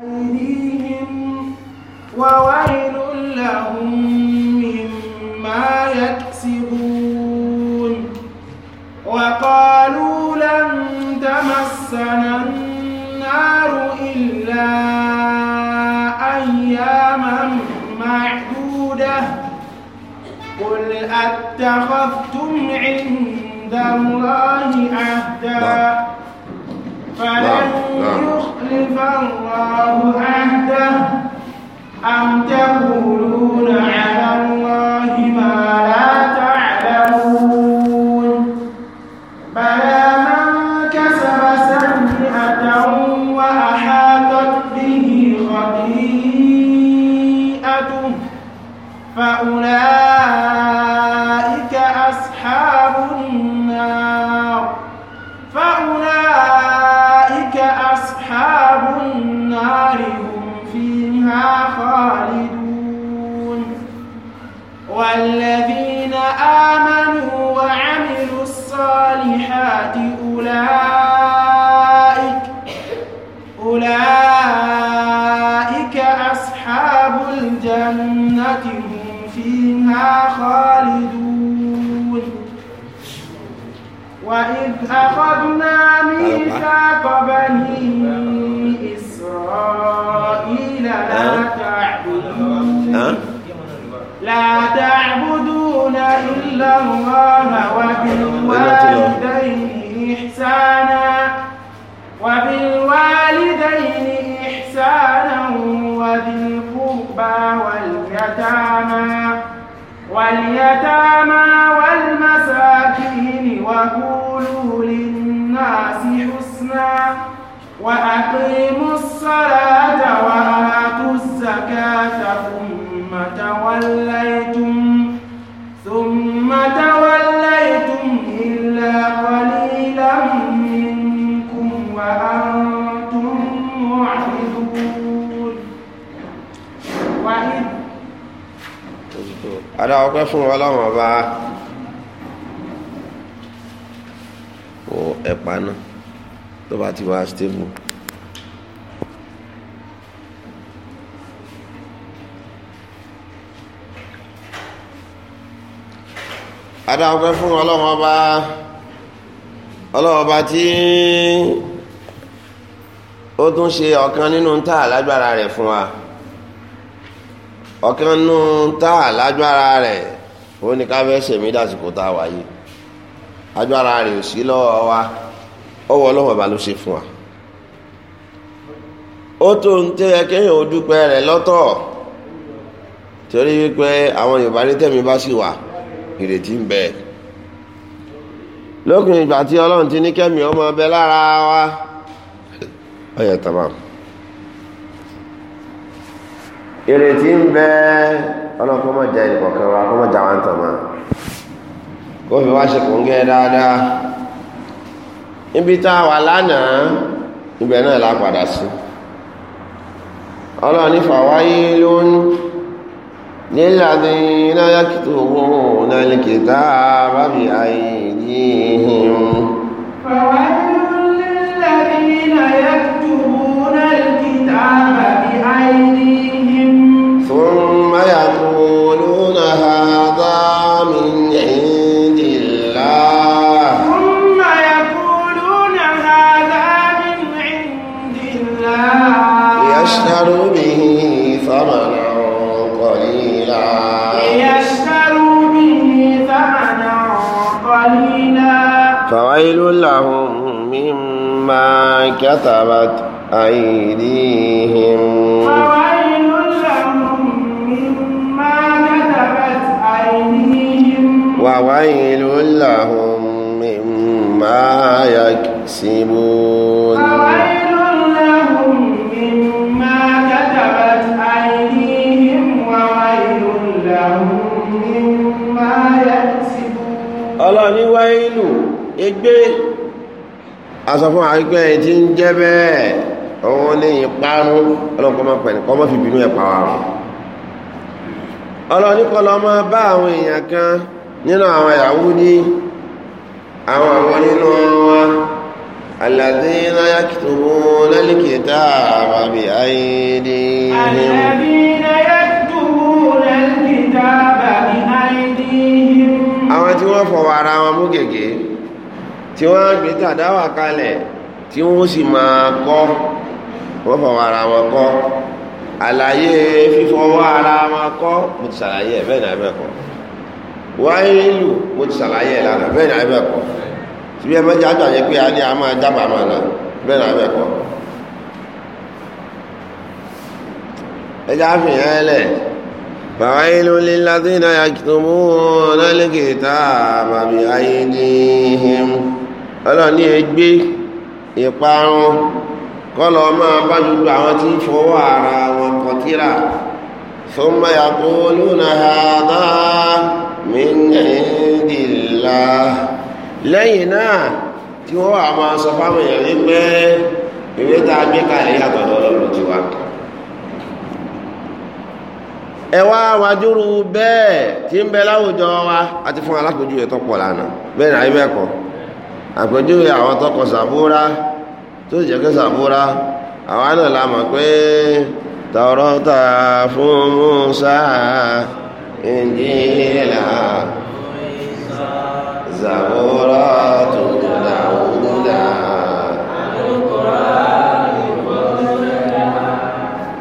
أيديهم وويل لهم مما يكسبون وقالوا لن تمسنا النار إلا أياما معدودة قل أتخذتم عند الله عهدا فلن يخلف الله عهده أم تقولون على أخذنا ميثاق بني إسرائيل لا تعبدون لا تعبدون إلا الله وبالوالدين إحسانا وبالوالدين إحسانا وذي القربى واليتامى واليتامى والمساكين وهو وقولوا للناس حسنا وأقيموا الصلاة وآتوا الزكاة ثم توليتم ثم توليتم إلا قليلا منكم وأنتم معرضون وإذ أنا أقف ولا مباح kọ ẹ̀pá náà tó bá ti wá stable. adáwọ̀pẹ́ fún ọlọ́run ọba ọlọ́run ọba tí ó tún ṣe ọ̀kan nínú tá lágbára rẹ̀ fún wa ọ̀kan nínú tá lágbára rẹ̀ ó ní ká fẹ́ ṣèmí dàsìkò tá a wáyé. agbára ara ò wa ọwọ́ ọlọ́wọ́ bá ló ṣe fún wa ó tó ń tẹ́ ẹ kéèyàn ojú dúpẹ́ rẹ̀ lọ́tọ̀ torí wípé àwọn Yorùbá ní tẹ̀mí bá sì wà ìrètí ń bẹ lókun ìgbà tí wa ọyẹ tamam ìrètí ń bẹ kó fi wá ṣe kò ń gẹ́ dáadáa níbi tá a wà lánàá ibẹ̀ náà la padà sí ọlọ́run ní fàwáyé lónìí للذين يكتبون الكتاب بأيديهم فويل للذين يكتبون الكتاب بأيديهم ثم يقولون هذا كتبت أيديهم فويل لهم مما كتبت أيديهم وويل لهم مما يكسبون فويل لهم مما كتبت أيديهم وويل لهم مما يكسبون الله ويل اجبل asọ̀fún àrígbẹ́ ẹ̀ tí ń jẹ́ bẹ́ẹ̀ ní ìparun ọlọ́run kọ́ máa pẹ̀lú ma fi bínú ẹ̀ bá àwọn èèyàn kan nínú àwọn Yahudi àwọn àwọn nínú wọn àwọn tí wọ́n fọwọ́ ara wọn mú gègé tí wọ́n á gbé kàdáwà kalẹ̀ tí wọ́n sì máa kọ́ wọ́n fọwọ́ ara wọn kọ́ àlàyé fífọwọ́ ara wọn kọ́ mo ti ṣàlàyé ẹ̀ bẹ́ẹ̀ náà bẹ́ẹ̀ kọ́ wáyélu mo ti ṣàlàyé ẹ̀ bẹ́ẹ̀ kọ́ àjọ pé a máa dábàá máa lọ bẹ́ẹ̀ kọ́ ọlọ́run ní ẹgbẹ́ ìparun kọlọ máa bá àwọn tí fọwọ́ ara wọn kọtíra thumma yaquluna hadha min indillah lẹ́yìn náà tí wọ́n wà máa sọ fáwọn èèyàn ẹwà bẹ́ẹ̀ tí ń bẹ láwùjọ wa ti fún alákòójú ẹ̀tọ́ pọ̀ lánàá bẹ́ẹ̀ kọ́ àpèjúwe àwọn tọkọ sàbúrà tó jẹ́ kí sàbúrà àwọn náà la mọ̀ pé tọrọta fún Musa Injila Zabura tó dúdà dúdà.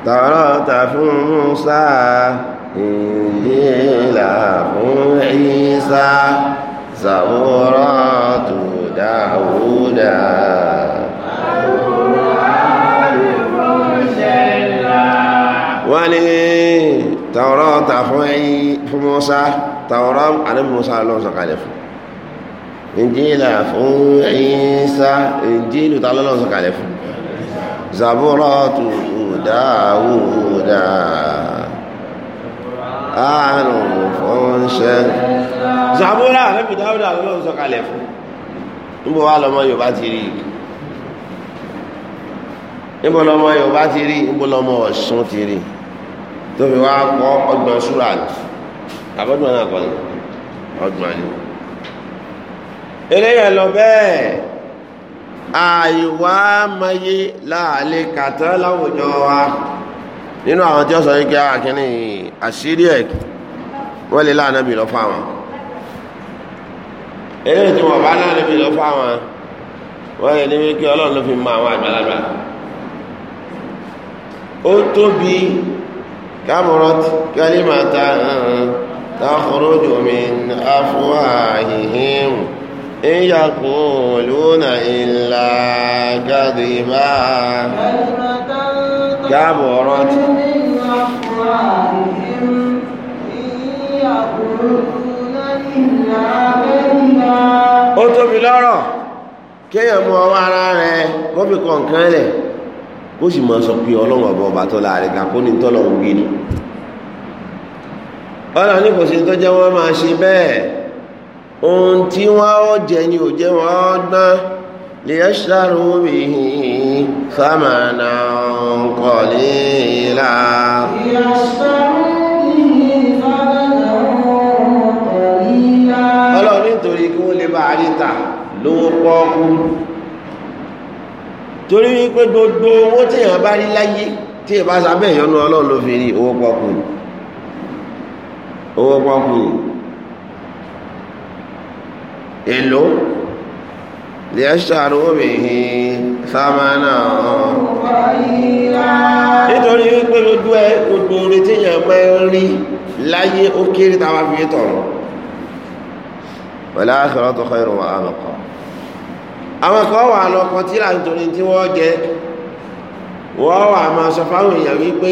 tọrọta fún Musa Injila fún Isa Zabura tó. داود wọ́n ní tàwọ́rọ́ ta fún ẹ̀yìn fún Mùsá tàwọ́rọ́ ànábì Mùsá lọ́wọ́ sọ̀kalẹ̀ fún Ìnjílà fún Ìsá Ìnjílù ta lọ́wọ́ sọ̀kalẹ̀ fún Zabúrọ̀ tù Dáwúdà ààrùn fún ṣẹ́ Zabúrọ̀ ànábì Dáwúdà lọ́wọ́ sọ̀kalẹ̀ fún níbo wá lọmọ yorùbá ti rí níbo lọmọ yorùbá ti rí níbo lọmọ ọ̀ṣun ti rí tóbi wá kọ́ ọgbọ̀n súrà àbọ̀dún náà kọ́ ni ọgbọ̀n ni eléyàn lọ bẹ́ẹ̀ àìwá mayé láàlẹ́ kàtà láwùjọ wa nínú àwọn tí ó sọ yìí kí á kí ni àṣírí ẹ̀ wọ́n lè láàánú bì lọ fún eré tí wọn bá náà ló fi lọ fáwọn wọn yẹ ní wípé ọlọ́run ló fi mọ àwọn àgbàlagbà ó tóbi kámọ́rọ́tì kálímàtà takhruju min afwahihim in yaquluna illa kadhiba kámọ́rọ́tì ó tóbi lọ́rọ̀ kéèyàn mú ọwọ́ ara rẹ̀ wọ́n fi kàn kán lẹ̀ ó sì máa sọ pé ọlọ́run ọ̀bọ̀ ọba tó láàrin kan ní tọ́lọ̀ ń ni ọlọ́run ní kò sí tó jẹ́ wọ́n máa ṣe bẹ́ẹ̀ ohun tí wọ́n ó jẹ ni ò jẹ́ wọ́n ó gbọ́n lè ṣàrò bíi sámánà kọ̀ọ̀lì ìlà. ìyàsọ́rọ̀. lówó pọ́ọ́kú torí wípé gbogbo owó téèyàn bá rí láyé tí ìbá sábẹ́ ìyọnu ọlọ́run ló fi rí owó pọ́ọ́kú ni owó pọ́ọ́kú ni èlò lè ṣàrò obìnrin sámánà nítorí wípé gbogbo ẹ gbogbo orin téèyàn máa ń rí láyé ó kéré táwa fi tọ̀rọ̀ wọ̀lá àkìrọ̀ tó kọ́ ìrùn àwọn ọkọ̀ àwọn kan wà lọ kan tí láǹtorí tí wọ́n jẹ wọ́n wà máa sọ fáwọn èèyàn wípé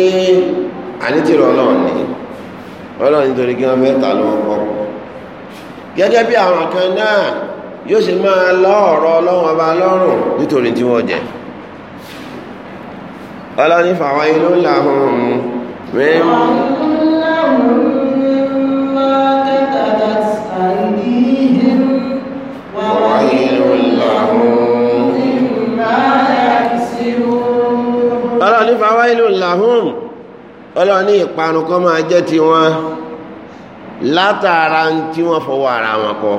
ànítìrọ̀ ọlọ́run ni ọlọ́run nítorí kí wọ́n mẹ́ta ló ń kọ́ gẹ́gẹ́ bí àwọn kan náà yóò sì máa lọ ọ̀rọ̀ ọlọ́run lọ́rùn nítorí tí wọ́n jẹ ọlọ́run fàwọn ilé ńlá ọ̀hún mẹ́rin ìparun kọ́ máa jẹ́ ti wọn látara tí wọ́n fọwọ́ ara wọn kọ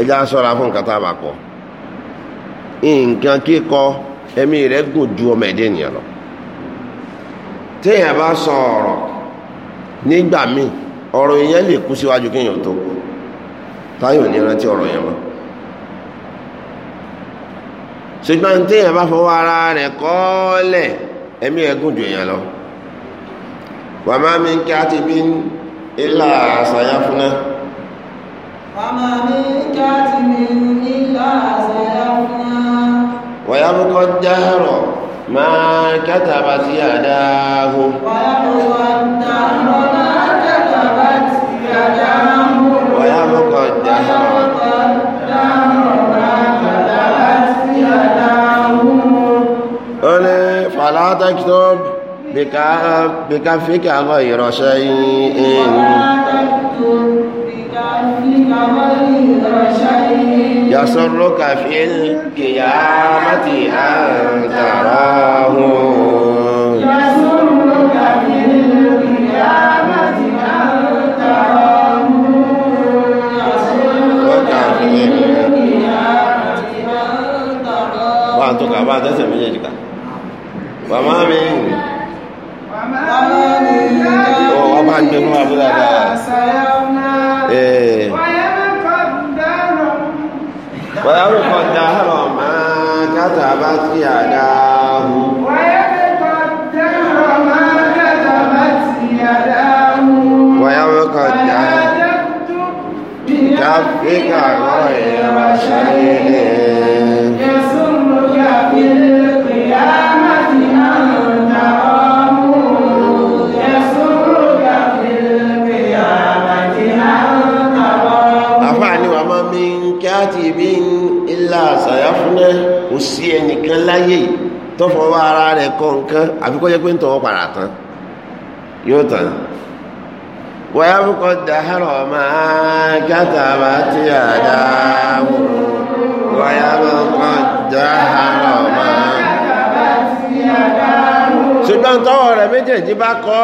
ẹja sọ́ra fún nǹkan kọ nǹkan kíkọ ẹ̀mí rẹ̀ gùn ju ọmọ ẹ̀dẹ́ ènìyàn lọ téèyàn bá sọ ọ̀rọ̀ nígbà míì ọ̀rọ̀ èèyàn lè kú síwájú kéèyàn tó táyọ̀ ẹ̀mí ẹ̀ gùn ju èèyàn lọ wa ma min katibin illa sayafuna. wa ma min katibin illa sayafuna. wa yabqa dahru ma katabat yadahu. wa yabqa dahru ma katabat yadahu. wa yabqa dahru. ولا تكتب بكفك غير شيء يسرك في القيامة أن تراه يسرك في القيامة أن تراه يسرك في القيامة أن تراه وأنتم كمان تسمعون Màmá mi. Màmá mi. Ọ̀ wọ́n bá ń gbẹnu wá fún dáadáa. Wàyáwó kan dáhàrọ̀ máa kátà bá sí àdáhù. Wàyáwó kan dáhàrọ̀. Káfíkà rọ̀ ẹ̀rọ ṣayẹyẹ. náà kò sí ẹnìkan láyé tó fọwọ́ ara rẹ̀ kọ nǹkan àfi kó jẹ́ pé ń tọwọ́ padà tán yóò tán wọ́n yá fúkọ́ dàárọ̀ máa kátàbà tí a dáàbò wọ́n yá fúkọ́ dàárọ̀ máa kátàbà tí a dáàbò. ṣùgbọ́n tọ́wọ́ rẹ̀ méjèèjì bá kọ́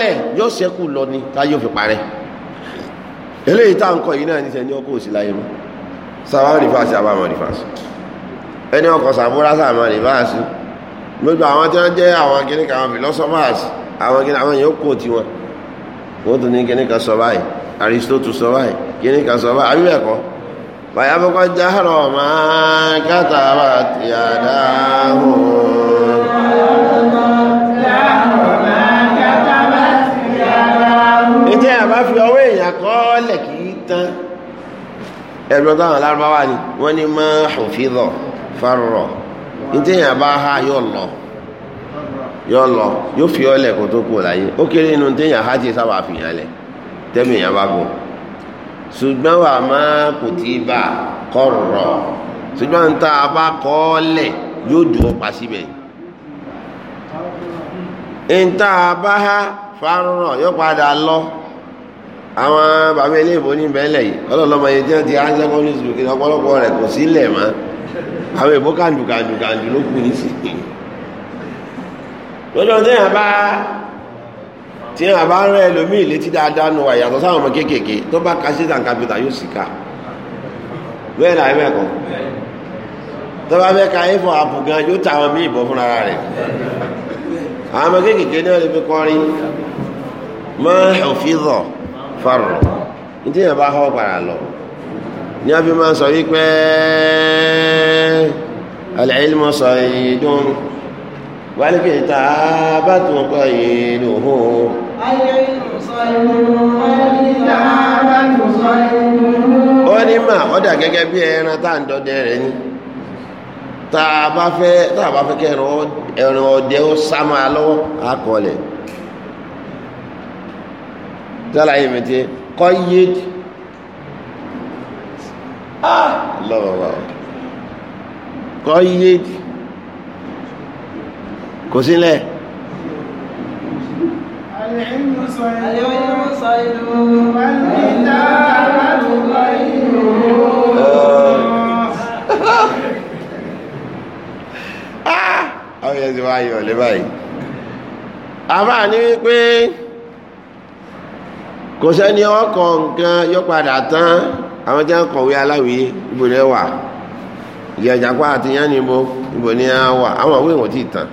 lẹ̀ yóò ṣẹ́kù lọ ni tá yóò fi parẹ́ eléyìí tá kọ yìí náà níṣẹ́ ní ọkọ̀ òsì láyé mọ́ sábà rìfáàsì àbámọ̀ rìfáàsì ẹni ọkọ̀ sàbúrà sàmà rìbáàsì gbogbo àwọn tí wọ́n jẹ́ àwọn kìnnìkan àwọn philosophers àwọn kìnnìkan àwọn yóò kò tiwọn wọ́n tún ní kìnnìkan sọ báyìí Aristotle sọ báyìí kìnnìkan sọ báyìí àbíbẹ̀ kọ́ fàyàbọ̀kọ́ jáhàrọ̀ máa kátàbà ti àdáhùn ìjẹ́ àbá fi ọwọ́ èèyàn kọ́ọ́lẹ̀ kìí tán ẹ̀rọ táwọn lárúbáwá ni wọ́n ní máa hùfíìdọ̀ farọ nítẹ̀yìn bá há lọ lọ yóò fi ọlẹ̀ tó kú láyé ó kéré inú nítẹ̀yìn há ti sábà fìyàn lẹ̀ tẹ́mìyàn bá gùn ṣùgbọ́n wà má kò tí ì bá ṣùgbọ́n ń tá bá kọ́ pa síbẹ̀ yóò àwọn èèmọ́ kàndù kàndù kàndù ló kù nísìnyí lọ́jọ́ tí yàn bá tí yàn bá rán ẹlòmíì létí dáadáa nù àyàtọ̀ sáwọn ọmọ kéékèèké tó bá ka ṣẹ́tà kápẹ́tà yóò sì ká bẹ́ẹ̀ náà ẹ̀mẹ́ kan tó bá fẹ́ ka ẹ̀fọ́ àpò gan yóò ta àwọn míì bọ́ fúnra rẹ̀ àwọn ọmọ kéékèèké ní ọ̀lẹ́fẹ́ kọrin mọ́ òfin rọ̀ farọ̀ ní tí yàn bá họ́ padà lọ ní a fi máa sọ wípé al-ilmu saydun wal-kitābatu qayduhu. ó ní mà ọ̀dà gẹ́gẹ́ bí ẹran tá ń dọdẹ rẹ̀ ni tá fẹ́ kẹ́ ẹran ọdẹ ó sá máa lọ́wọ́ àkọọ́lẹ̀ tí a kọ́ Ah! lọ́wọ́wọ́ kọ́ yé kò sílẹ̀ ah! Ah! àwọn yẹn ti wá yọ̀ lé báyìí àbá ní wípé kò sẹ́ni ọkọ̀ nǹkan yóò padà tán àwọn jẹ́ kọ̀wé aláwìyé ibo ni ẹ wà ìyá ìjàpá àti yá níbo ibo ni ẹ wà àwọn àwọn èèwọ̀n ti tàn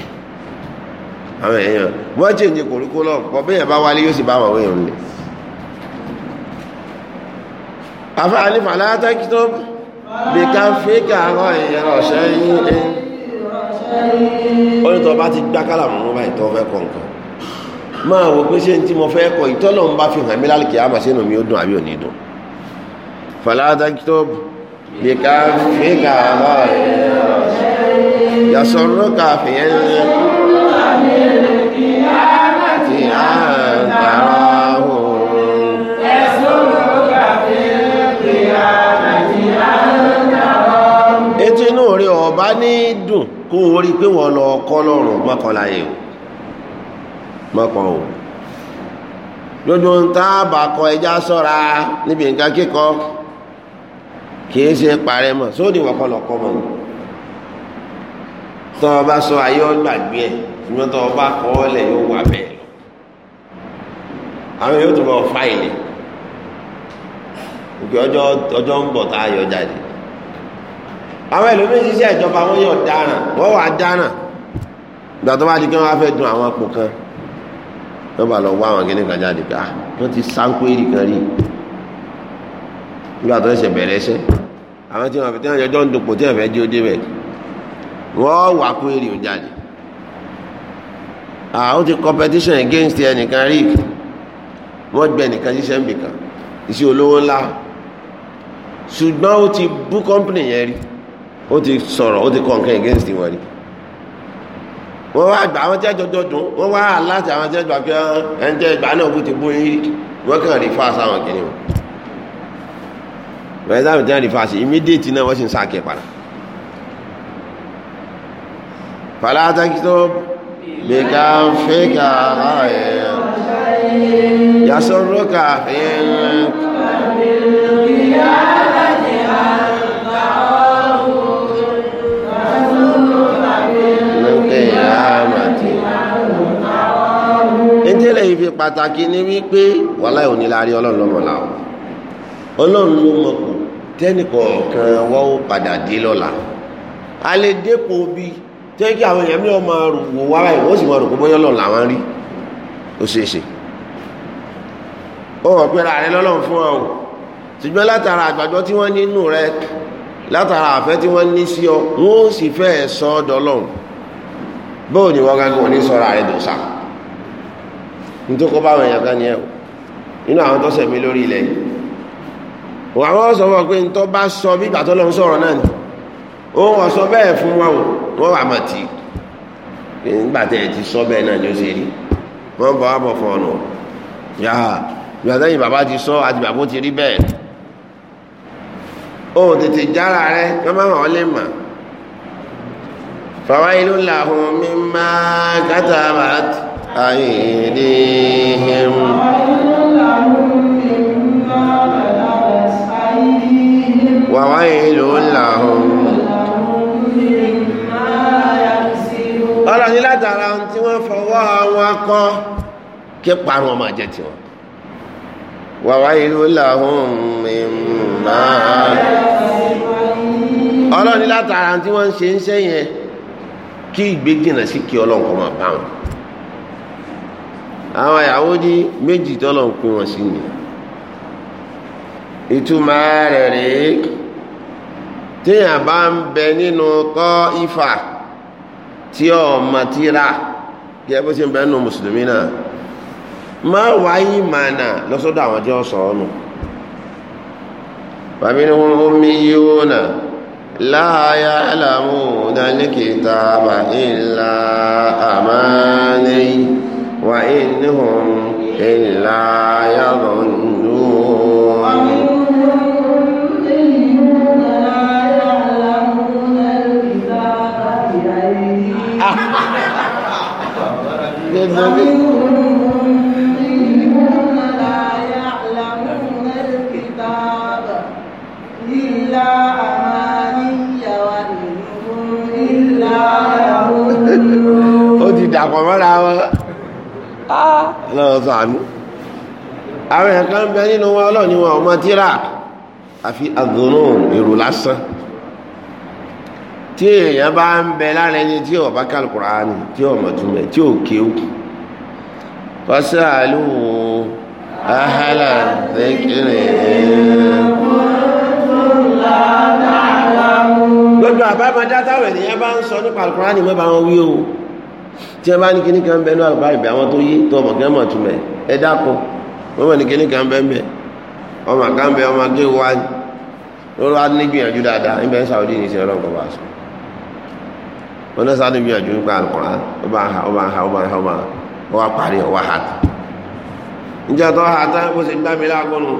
àwọn èèyàn wọ́n jẹ́ ìjẹ kòríkó lọ pọ̀ bẹ́ẹ̀ bá wálé yóò sì bá àwọn èèyàn lẹ̀ afẹ́ àlefà látàkì tó bí ká fẹ́ kà àwọn èèyàn ọ̀ṣẹ́ yín ẹ́ ó ní tó bá ti gbá kálàmù mú báyìí tó fẹ́ kọ̀ nǹkan máa wò pé ṣé ní tí mo فلا تكتب بكفك غير يسرك في القيامة تراه يسرك في القيامة تراه etí inú rẹ ọba ní dùn kó o rí pé wọn lọ kọ lọrùn mọkànlá yẹn o mọkàn o lójú ń tá a bá níbi nǹkan kíkọ. kìí ṣe parẹ́ mọ̀ sóòdì wọn kọ́ mọ̀ tọ́ ọ bá sọ ayé ọgbàgbé ẹ̀ ṣùgbọ́n tọ́ ọ bá kọ́ ọ lẹ̀ yóò wà bẹ́ẹ̀ lọ àwọn yóò tún bọ̀ fáìlì òkè ń bọ̀ tá a jáde àwọn ẹlòmíín ìjọba wọn yóò dáràn wọ́n wà dáràn ìgbà tó bá di àwọn àpò kan bá lọ wá àwọn nígbà tó ṣẹ̀ṣẹ̀ bẹ̀rẹ̀ ṣẹ́ àwọn tí wọ́n fi tẹ́wọ̀n jọjọ́ ń dupò tí wọ́n fẹ́ jí ó dé bẹ̀ wọ́n wà kún èrè òjáde àwọn ti competition against ẹnìkan rí wọ́n gbẹ nìkan ṣiṣẹ́ nbìkan iṣẹ́ olówó ńlá ṣùgbọ́n ó ti bú company yẹn rí ó ti sọ̀rọ̀ ó ti kọ̀ against wọn rí wọ́n wá gbà àwọn tí wọ́n jọjọ́ dùn wọ́n wá aláàtì àwọn tí wọ́n gbà pé ẹni tẹ́ gbà náà kú ti bú yín wọ́n kàn rí fáṣà wọn kìnìún bẹ̀rẹ̀ sáà tí wọ́n rí fàṣẹ immediate náà wọ́n sì ń sáàkẹ́ padà fàlátàkì tó bèkà fẹ́kà ààrẹ yasọ́rọ́ kàfẹ́ ẹjẹ́lẹ̀ ìfi pàtàkì ní wípé wàláì òní láàrin ọlọ́run lọ́mọ̀lá ọlọ́run ló mọ̀ kù tẹ́nìkọ̀ọ̀kan wọ́n ó padà dé lọ́la a lè dépò bí tẹ́ kí àwọn èèyàn mìíràn máa rò wò wá báyìí wọ́n sì máa rò pé bọ́yọ́ lọ́la làwọn rí ó ṣeé ṣe ó wọ́n pẹ́ra rẹ lọ́lọ́run fún ọ ṣùgbọ́n látara àgbàjọ tí wọ́n nínú rẹ látara àfẹ́ tí wọ́n ní sí ọ wọ́n ó sì fẹ́ sọ ọ́ dọ́lọ́run bóò ni wọ́n gángan ní sọ́ra rẹ dùn sáà nítorí kó báwọn èèyàn kan ní ẹ̀ inú àwọn tó ṣẹ̀mí lórí ilẹ̀ yìí wà wọ́n sọ fún pé tó bá sọ bí ìgbà tó lọ ń sọ̀rọ̀ náà ni òun ọ̀sọ́ bẹ́ẹ̀ fún wọn o wọ́n wà mọ̀ tí nígbà tẹ̀ ti sọ bẹ́ẹ̀ náà ni ó ṣe rí wọ́n bọ̀ wá bọ̀ fún ọ̀nà yá ìgbà tẹ́yìn bàbá ti sọ àti bàbá ti rí bẹ́ẹ̀ òun tètè jára rẹ wọ́n máa hàn ọ́ lè mọ̀ fawailu lahum mimma katabat aydihim. وويل لهم ọlọ́ni látara ohun tí wọ́n fọwọ́ wọn kọ́ kí parun ọmọ jẹ tiwọn وويل لهم مما ọlọ́ni látara ohun tí wọ́n ń ṣe ń ṣe yẹn kí ìgbéjìnà sí kí ọlọ́run kọ́ máa bá wọn àwọn ìyàwó ní méjì tọ́lọ̀ ń pín wọn sí ni ìtumọ̀ rẹ̀ rèé téèyàn bá ń bẹ nínú tọ́ ifà tí ọmọ matira gẹ́gẹ́ bó ṣe ń bẹ nínú mùsùlùmí náà má wáyé mànà lọ́sọ́dọ̀ àwọn tí ó sọ ọ́ nù bàbí ni wọ́n yíwó náà láàyà àlàmú ìlà wà ìníhùn ìlà النبي ó ti dàpọ̀ mọ́ra wọn lọ́wọ́ sàánú àwọn ẹ̀kan bẹ nínú wọn ọlọ́ọ̀ni wọn ọmọ tíra àfi àgbọ̀nà èrò lásán tí èèyàn bá ń bẹ lára ẹni tí ó bá ka Al-Qur'ani tí ó mọ̀ túmọ̀ tí ó kéwù fasalu ahla dhikri gbogbo àbámadá táwọn ènìyàn bá ń sọ nípa Al-Qur'ani mọ́ bá wọn wí o tí ẹ bá ní kíní kan bẹ́ẹ̀ ní Al-Qur'ani bẹ́ẹ̀ àwọn tó yé tó ọmọ kan mọ̀ túmọ̀ ẹ dákun wọ́n mọ̀ ní kíní kan bẹ́ẹ̀ bẹ́ẹ̀ ọmọ kan bẹ́ẹ̀ ọmọ gé wa lọ́wọ́ á gbìyànjú dáadáa ń bẹ́ẹ̀ Saudi ní ìsìn ọlọ́run kọ́ bá a sọ wọn náà sáré gbìyànjú nípa àlùkọ́ra ó bá ń ha ó bá ń ha ó bá ń ha ó bá ń ha ó wá parí ó wá ha tán níjẹ́ tó ha tán bó ṣe gbá mi lágbọ́nù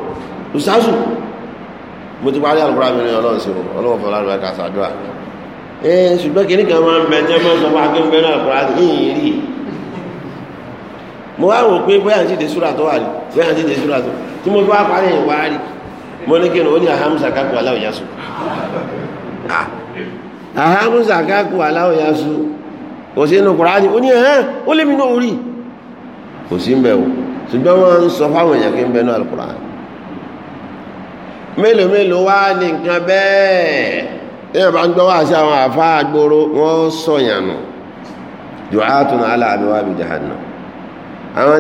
lùsásù mo ti parí àlùkọ́ra mi ní ọlọ́run sí wọn ọlọ́run fọlá rẹ kà sàdúrà ẹ ṣùgbọ́n kìnnì kan máa ń bẹ jẹ́ mọ́ sọ fún akéwìn náà àlùkọ́ra yìnyín rí mo wá rò pé bóyá àti ìdè súra tó wà rí bóyá àti ìdè súra tó tí mo fi wá parí ìwà rí mo ní kí ni ó ní àhámsà kápẹ́ aláwọ̀ àhámúsà káàkù aláwọ̀ ya sú kò sí inú kùránì ó ní ẹ̀hán ó lé mi orí kò sí mbẹ̀ ṣùgbọ́n wọ́n ń sọ fáwọn èèyàn kí ń bẹ náà alukùránì mélòó mélòó wá ní nǹkan bẹ́ẹ̀ bá ń gbọ́ wá sí ala àwọn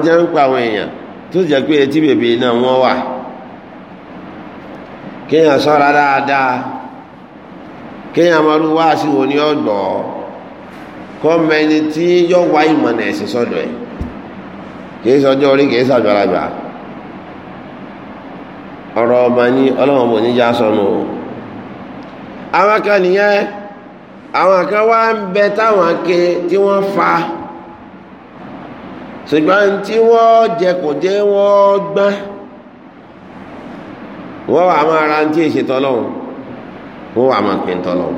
jẹ́ ń pa àwọn èèyàn tó jẹ́ pé etí bèbè náà wọ́n wà kéèyàn dáadáa kéèyàn máa rú sí wo ní ọ̀gbọ̀ kọ́mẹni tí yọ wá ìmọ̀nà ẹ̀sìn sọ́dọ̀ ẹ̀ kìí sọjọ́ orí kìí sàgbàlagbà ọ̀rọ̀ ọba ní ọlọ́run bò ní já sọnù o àwọn kan nìyẹn àwọn ake tí fa ṣùgbọ́n wọ́n jẹ kò wọ́n gbọ́n wọ́n wà máa ra ní tí èsì wọ́n wà máa pè ń tọ́lọ̀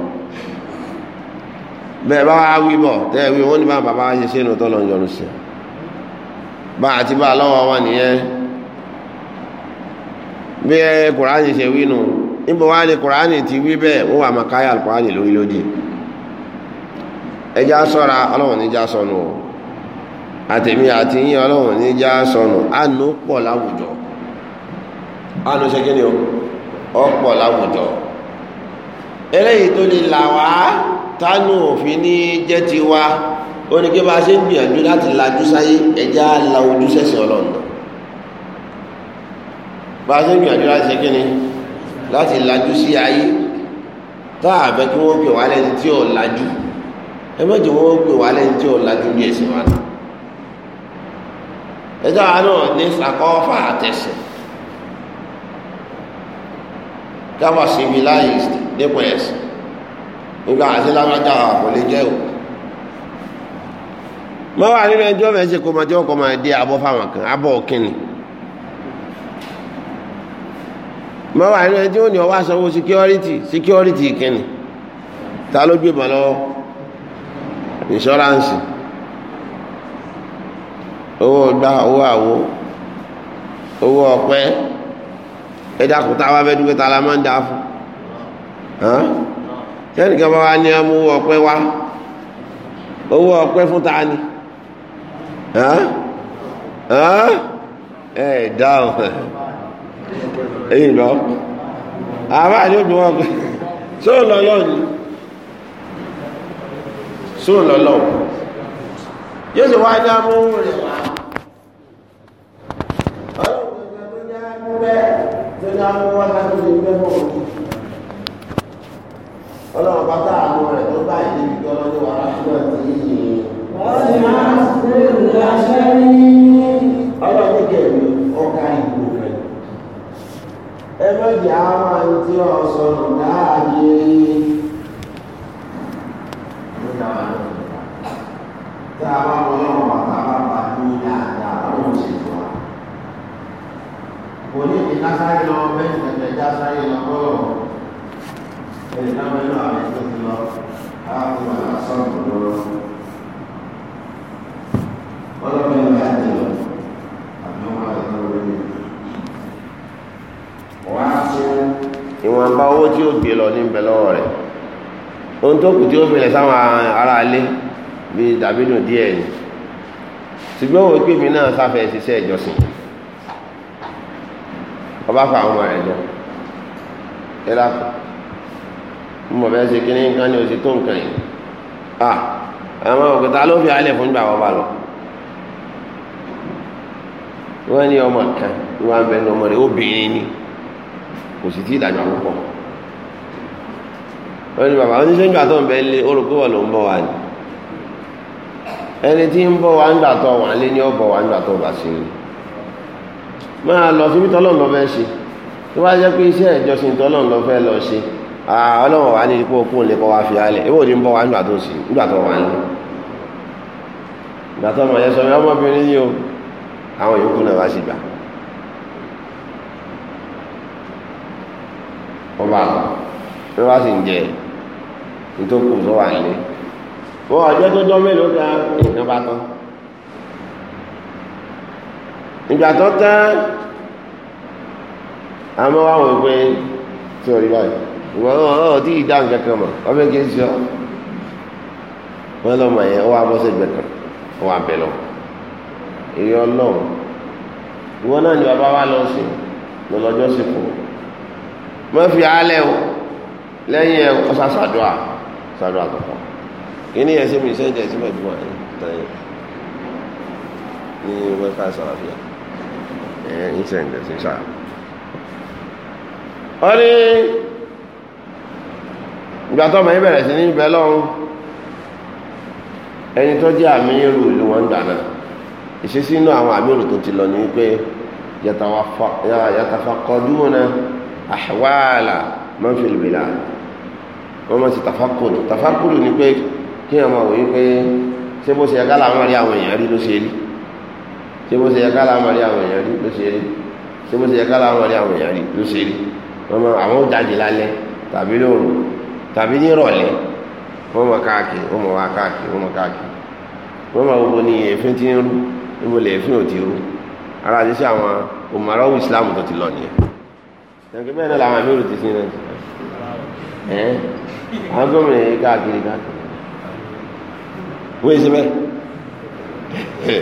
bẹ́ẹ̀ bá wá wí bọ̀ tẹ́ wí wọ́n ní bá bàbá ṣe ṣe nù tọ́lọ̀ ń sí bá àti bá lọ́wọ́ wọn nìyẹn bí ẹ kùránì ṣe wí nù níbo wá ní kùránì ti wí bẹ́ẹ̀ wọ́n wà máa káyà kùránì lórí lódì ẹjá sọ́ra ọlọ́run níjà sọnù o àtẹ̀mí àti yín ọlọ́run níjà sọnù àánú pọ̀ láwùjọ àánú ṣe kí ni o ọ̀pọ̀ láwùjọ eléyìí tó lè là wá tánú òfin ní jẹ́ ti wa ó ní kí bá a ṣe ń gbìyànjú láti lajú sáyé ẹja la ojú sẹ́sìn ọlọ́run bá a ṣe ń gbìyànjú láti ṣe kí ni láti lajú sí ayé tá a bẹ kí wọ́n pè wá lẹ́ni tí ò lajú ẹ mọ̀jẹ̀ wọ́n pè wá lẹ́ni tí ò lajú bí ẹ̀sìn wa náà ẹjọ́ àánú ní sàkọ́fà àtẹ̀sìn ká wà civilized nípa ẹ̀sìn nígbà àti lágbájá àpò lè jẹ́ o mọ́ wà nínú ẹjọ́ mẹ́sẹ̀ kó máa jẹ́ ọkọ̀ máa dé abọ́ fáwọn kan abọ́ mọ́ wà nínú ẹjọ́ ní ọwọ́ sanwó security security ta ló gbé mọ́ lọ́wọ́ insurance owó gbá owó ẹ̀dá kò táwa fẹ́ dúpẹ́ tala máa ń dà fún sẹ́ni kan bá wa ní ọmọ owó ọ̀pẹ wa owó ọ̀pẹ fún ta ni ẹ̀ dáhùn èyí lọ àbá ní òbí wọn pé sóò lọ́lọ́ ni sóò lọ́lọ́ yóò sì wá ní ọmọ owó rẹ̀ wá. lárúbáwá láti lè fẹ́ mọ̀ wọn. ọlọ́run pátá àwọn rẹ̀ tó bá ìdí ibi tó lọ́jọ́ wàrà ṣùgbọ́n ti yìí. wọ́n máa ń ṣe ìlàṣẹ́ ní. ọlọ́run kẹ̀mí ọkà ìlú rẹ̀. ẹ á máa ń tí ọ sọnù láàyè. tá a bá lásáré lọ bẹ́ẹ̀ tẹ̀tẹ̀ já sáré lọ bọ́lọ̀ ẹ̀yẹ dáwọn ẹ̀rọ àmì tó ti lọ láàbù àlásọ̀rọ̀ lọ́rọ̀ ọlọ́pẹ́ ń bá jẹ lọ àbí wọn lọ tó lórí wọn á tó. ìwọ̀nba owó tí ó gbé lọ ní ń rẹ̀ ohun tó kù tí ó filẹ̀ sáwọn ará ilé bíi dàbínú díẹ̀ ni ṣùgbọ́n òwe pèmí náà sáfẹ́ ṣiṣẹ́ ìjọsìn ọba fa àwọn ọmọ rẹ̀ jọ ẹ lápò mo bẹ́ẹ̀ ṣe kíní nǹkan ní oṣù tó nǹkan yìí à àwọn òkúta ló fi àlẹ́ fún ìgbà wọn bá lọ wọ́n ní ọmọ kan wọ́n á bẹ̀ ní ọmọ rẹ̀ obìnrin ni kò sì tí ìdájọ́ púpọ̀ wọ́n ní bàbá oníṣẹ́ ìgbà tó ń bẹ lé orúkúwọ̀ ló ń bọ̀ wá ni ẹni tí ń bọ̀ wá ń gbà tó wà lé ní ọ̀bọ̀ wá ń gbà tó bá sí ni máa lọ síbi tọ́lọ́n lọ fẹ́ ṣe tó bá jẹ́ pé iṣẹ́ ìjọsìn tọ́lọ́n lọ fẹ́ lọ ṣe ọlọ́wọ̀n wà ní ipò òkú òní kọ́ wá fi alẹ̀ ìwọ òní ń bọ́ wá nígbà tó ń sì nígbà tó wà ní. ìgbà tó ọmọ yẹn sọ mi ọmọbìnrin yìí o àwọn yòókù náà wá sí gbà. wọ́n bá lọ wọ́n bá sì ń jẹ nítorí kù tó wà nílé. wọ́n ọjọ́ tó jọ mélòó kan ìjọba tán ìgbà tó tán àmọ́ wà wọ́n pé tí ò rí báyìí ìwọ náà tí ìdá nǹkan kan mọ̀ ọmọ èké ń sọ wọn lọmọ yẹn ó wà bọ́sẹ̀ gbẹ kan ó wà bẹ̀ lọ èyí ọlọ́run ìwọ náà ni bàbá wa lọ sí lọ́lọ́jọ́ sí fún mọ́ fi alẹ́ o lẹ́yìn ẹ̀ ọ̀sà sàdúà sàdúà kọ̀ọ̀kan kí ni ẹ̀ ṣe mi ṣẹ́jẹ̀ sí mẹ́jọ́ ẹ̀ tẹ̀yìn ní mẹ́fà sàràfíà. Eh, incident sí sá wọ́n ní ìgbà tó ọmọ yìí bẹ̀rẹ̀ sí ní ibẹ̀ lọ́hún ẹni tó jẹ́ àmì irú ìlú wọn gbà náà ìṣesí inú àwọn àmì irú tó ti lọ ní pé yàtàfàkọ́dúnà àhwàlà mọ́fìlìbìlà wọ́n mọ́ sí tàfàkùrù tàfàkùrù ni pé kí ọmọ wòye pé ṣé bó ṣe ẹ̀ká làwọn rí àwọn èèyàn rí ló ṣe rí ṣé bó ṣe yẹ ká láwọn rí àwọn èèyàn rí ló ṣe rí ṣé ṣe yẹ ká láwọn àwọn èèyàn rí ló ṣe rí àwọn tàbí lóru tàbí nírọ̀lẹ́ wọn mọ káàkiri wọn mọ wá káàkiri mọ káàkiri wọn mọ gbogbo ní èéfín tí ń rú níbo ò ti rú ara àwọn ti lọ nìyẹn bẹ́ẹ̀ náà làwọn ti náà ẹ̀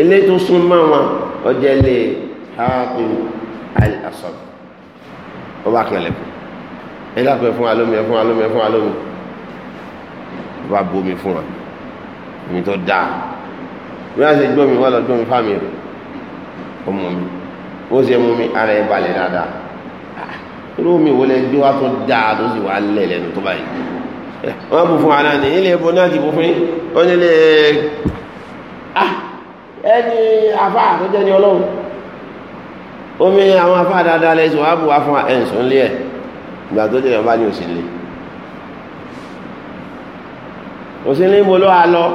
ilé tó sún mọ́ wọn ọjọ́ ilé Hatim al-Asad ọba kanlẹ̀kùn ẹ dákun ẹ fún wa lómi ẹ fún wa lómi ẹ fún wa lómi ọba bomi fún wa omi tó dáa bí wọ́n ṣe gbómi wọ́n lọ gbómi fámi rẹ̀ ọmọ mi ó ṣe mú mi ara ẹ balẹ̀ dáadáa ah, irú omi wo lẹ gbé wa tó dáa tó sì wà lẹ̀ lẹ́nu tó báyìí eh, wọ́n bù fún wa náà ní ilé ibo náà ti bù fún yín wọ́n ní ilé Ah, ẹni ni ọlọ́run omi àwọn afá dáadáa lẹ́sùn wá bù wá fún ẹ̀sùn lé ẹ̀ ìgbà tó jẹ́ ìyọ̀nba ní osile. Osile mo lọ́ àlọ́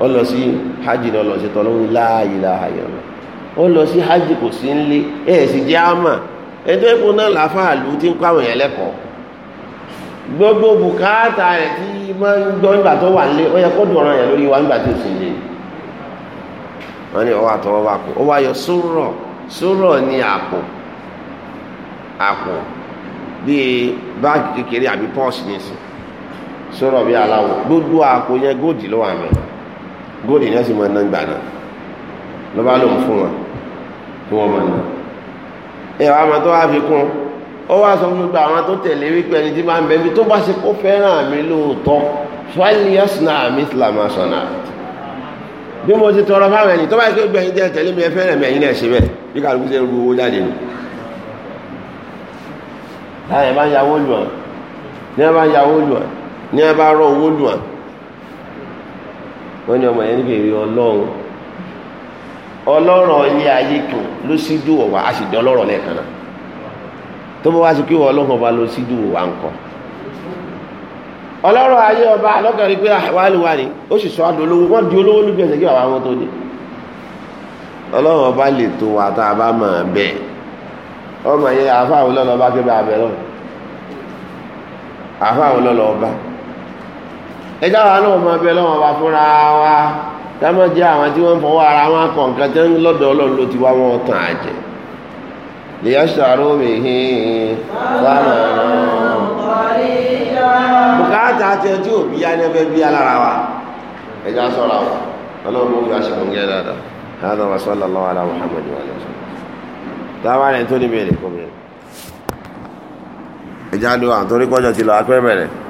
ó sí hajj ní ọlọ́sẹ̀ tọ́lọ́ ní láàyè láàyè sí hajj kò sí ń lé ẹ̀ sì àmà náà ti ń àwọn gbogbo bùkátà rẹ̀ ti máa ń gbọ́ nígbà tó wà lé ó yẹ kó dùn ọ̀ràn yẹn lórí wa nígbà tó sì lé wọ́n ní ọwọ́ àtọwọ́ wa kù ó wá yọ sórọ̀ sórọ̀ ní àpò àpò bíi báàgì kékeré àbí pọ́ọ̀sì nìsín sórọ̀ bíi aláwọ̀ gbogbo àpò yẹn góòdì ló wà mẹ́ góòdì yẹn sì máa ná gbà náà ló bá lòun fún wọn kí wọ́n máa ná ẹ̀ wá máa tó wá fi kún un. ó wá sọ gbogbo àwọn tó tẹ̀lé wípé ẹni tí máa ń bẹ tó bá ṣe kó fẹ́ràn mi lóòótọ́ fáìlìyàsùnà àmì ìsìlámù àṣọnà bí ti tọrọ fáwọn ẹni tó bá ṣe gbẹ̀yìn tẹ̀ tẹ̀lé mi ẹ fẹ́ràn mi náà ṣe bẹ́ẹ̀ bí kálukú ṣe jáde láyé bá ń yàwó lù wọn ní bá ń yàwó lù wọn ní bá rọ owó lù wọn. wọ́n ní ọmọ yẹn tó bá wá sí kí wọ́n ọlọ́run ọba lọ sí ìdúwò wa ń kọ́ ọlọ́rọ̀ ayé ọba lọ́kàrí pé ah, wàhálùwà ni ó sì sọ àdó olówó wọ́n di olówó níbi ẹ̀sẹ̀ kí bàbá wọn tó dé ọlọ́run ọba lè tó wa tá a bá mọ̀ bẹ́ẹ̀ ọmọ yẹn àfáàwọn lọ́nà ọba kébé abẹ́ lọ́nà àfáàwọn lọ́nà ọba ẹjọ́ àwọn náà mọ̀ bẹ́ẹ̀ lọ́wọ́ ọba fúnra wa dámọ́ jẹ́ àwọn tí wọ́n fọwọ́ ara wọn kọ̀ọ̀kan tẹ́ ń lọ́dọ̀ ọlọ́run ló ti wá wọn tàn àjẹ́ lìyàṣàrò mìhì sámànà bùkátà tí ẹjọ́ òbí yá ní ẹfẹ́ bí alára wa ẹjọ́ sọ́ra wa ọlọ́run mú aṣọ ń gẹ́ dáadáa هذا وصلى الله على محمد وعلى اله وصحبه طبعا انتوني بيري كومي اجعلوا عن طريق وجهتي لا اكبر بيري